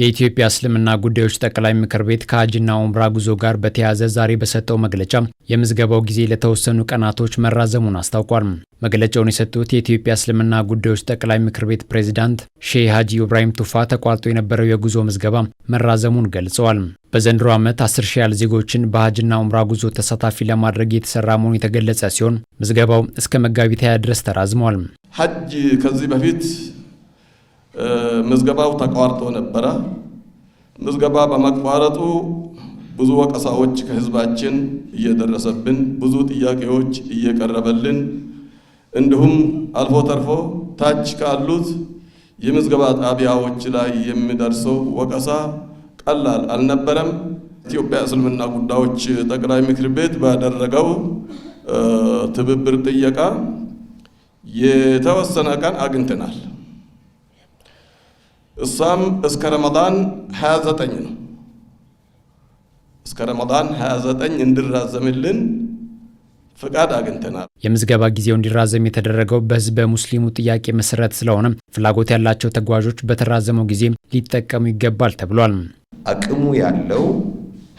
የኢትዮጵያ እስልምና ጉዳዮች ጠቅላይ ምክር ቤት ከሀጅና ኡምራ ጉዞ ጋር በተያያዘ ዛሬ በሰጠው መግለጫ የምዝገባው ጊዜ ለተወሰኑ ቀናቶች መራዘሙን አስታውቋል። መግለጫውን የሰጡት የኢትዮጵያ እስልምና ጉዳዮች ጠቅላይ ምክር ቤት ፕሬዚዳንት ሼህ ሀጂ ኢብራሂም ቱፋ ተቋርጦ የነበረው የጉዞ ምዝገባ መራዘሙን ገልጸዋል። በዘንድሮ ዓመት 10 ሺህ ያህል ዜጎችን በሀጅና ኡምራ ጉዞ ተሳታፊ ለማድረግ የተሰራ መሆኑ የተገለጸ ሲሆን ምዝገባው እስከ መጋቢት ሃያ ድረስ ተራዝሟል። ሀጅ ከዚህ በፊት ምዝገባው ተቋርጦ ነበረ። ምዝገባ በመቋረጡ ብዙ ወቀሳዎች ከህዝባችን እየደረሰብን፣ ብዙ ጥያቄዎች እየቀረበልን እንዲሁም አልፎ ተርፎ ታች ካሉት የምዝገባ ጣቢያዎች ላይ የሚደርሰው ወቀሳ ቀላል አልነበረም። ኢትዮጵያ እስልምና ጉዳዮች ጠቅላይ ምክር ቤት ባደረገው ትብብር ጥየቃ የተወሰነ ቀን አግኝተናል። እሷም እስከ ረመዳን 29 ነው። እስከ ረመዳን 29 እንድራዘምልን ፍቃድ አግኝተናል። የምዝገባ ጊዜው እንዲራዘም የተደረገው በህዝበ ሙስሊሙ ጥያቄ መሰረት ስለሆነ ፍላጎት ያላቸው ተጓዦች በተራዘመው ጊዜ ሊጠቀሙ ይገባል ተብሏል። አቅሙ ያለው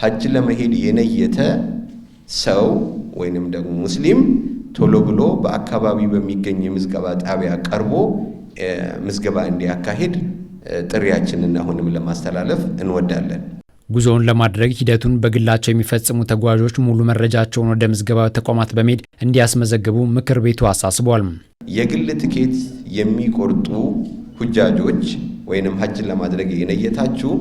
ሀጅ ለመሄድ የነየተ ሰው ወይንም ደግሞ ሙስሊም ቶሎ ብሎ በአካባቢ በሚገኝ የምዝገባ ጣቢያ ቀርቦ ምዝገባ እንዲያካሂድ ጥሪያችንን አሁንም ለማስተላለፍ እንወዳለን። ጉዞውን ለማድረግ ሂደቱን በግላቸው የሚፈጽሙ ተጓዦች ሙሉ መረጃቸውን ወደ ምዝገባ ተቋማት በመሄድ እንዲያስመዘግቡ ምክር ቤቱ አሳስቧል። የግል ትኬት የሚቆርጡ ሁጃጆች ወይንም ሀጅን ለማድረግ የነየታችሁ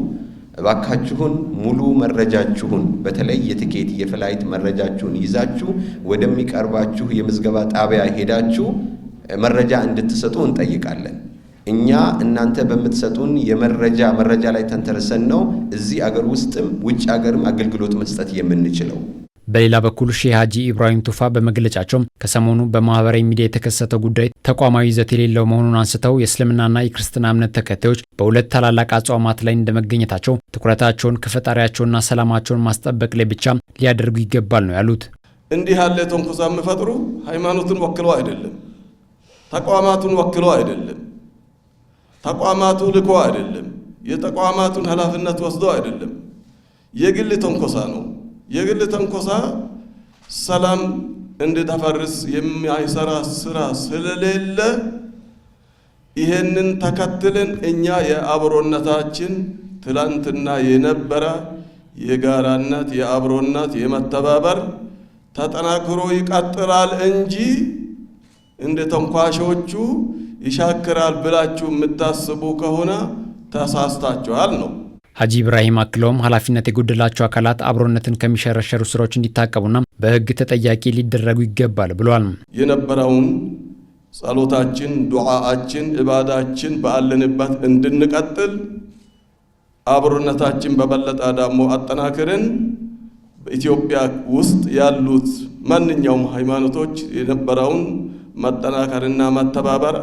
እባካችሁን ሙሉ መረጃችሁን በተለይ የትኬት የፍላይት መረጃችሁን ይዛችሁ ወደሚቀርባችሁ የምዝገባ ጣቢያ ሄዳችሁ መረጃ እንድትሰጡ እንጠይቃለን። እኛ እናንተ በምትሰጡን የመረጃ መረጃ ላይ ተንተርሰን ነው እዚህ አገር ውስጥም ውጭ አገርም አገልግሎት መስጠት የምንችለው። በሌላ በኩል ሼህ ሀጂ ኢብራሂም ቱፋ በመግለጫቸው ከሰሞኑ በማህበራዊ ሚዲያ የተከሰተው ጉዳይ ተቋማዊ ይዘት የሌለው መሆኑን አንስተው የእስልምናና የክርስትና እምነት ተከታዮች በሁለት ታላላቅ አጽዋማት ላይ እንደመገኘታቸው ትኩረታቸውን ከፈጣሪያቸውና ሰላማቸውን ማስጠበቅ ላይ ብቻ ሊያደርጉ ይገባል ነው ያሉት። እንዲህ ያለ ተንኮሳ የሚፈጥሩ ሃይማኖትን ወክለው አይደለም፣ ተቋማቱን ወክለው አይደለም ተቋማቱ ልኮ አይደለም፣ የተቋማቱን ኃላፊነት ወስዶ አይደለም፣ የግል ተንኮሳ ነው። የግል ተንኮሳ ሰላም እንድታፈርስ የሚያይሰራ ስራ ስለሌለ ይሄንን ተከትለን እኛ የአብሮነታችን ትላንትና የነበረ የጋራነት የአብሮነት የመተባበር ተጠናክሮ ይቀጥላል እንጂ እንደ ተንኳሾቹ ይሻክራል ብላችሁ የምታስቡ ከሆነ ተሳስታችኋል ነው። ሀጂ ኢብራሂም አክለውም ኃላፊነት የጎደላቸው አካላት አብሮነትን ከሚሸረሸሩ ስራዎች እንዲታቀቡና በህግ ተጠያቂ ሊደረጉ ይገባል ብሏል። የነበረውን ጸሎታችን፣ ዱዓአችን፣ እባዳችን በአለንበት እንድንቀጥል አብሮነታችን በበለጠ ደግሞ አጠናክርን በኢትዮጵያ ውስጥ ያሉት ማንኛውም ሃይማኖቶች የነበረውን መጠናከርና መተባበር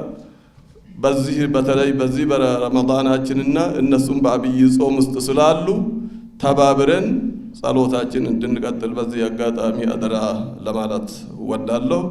በዚህ በተለይ በዚህ በረመዳናችንና እነሱም በአብይ ጾም ውስጥ ስላሉ ተባብረን ጸሎታችን እንድንቀጥል በዚህ አጋጣሚ አደራ ለማለት ወዳለሁ።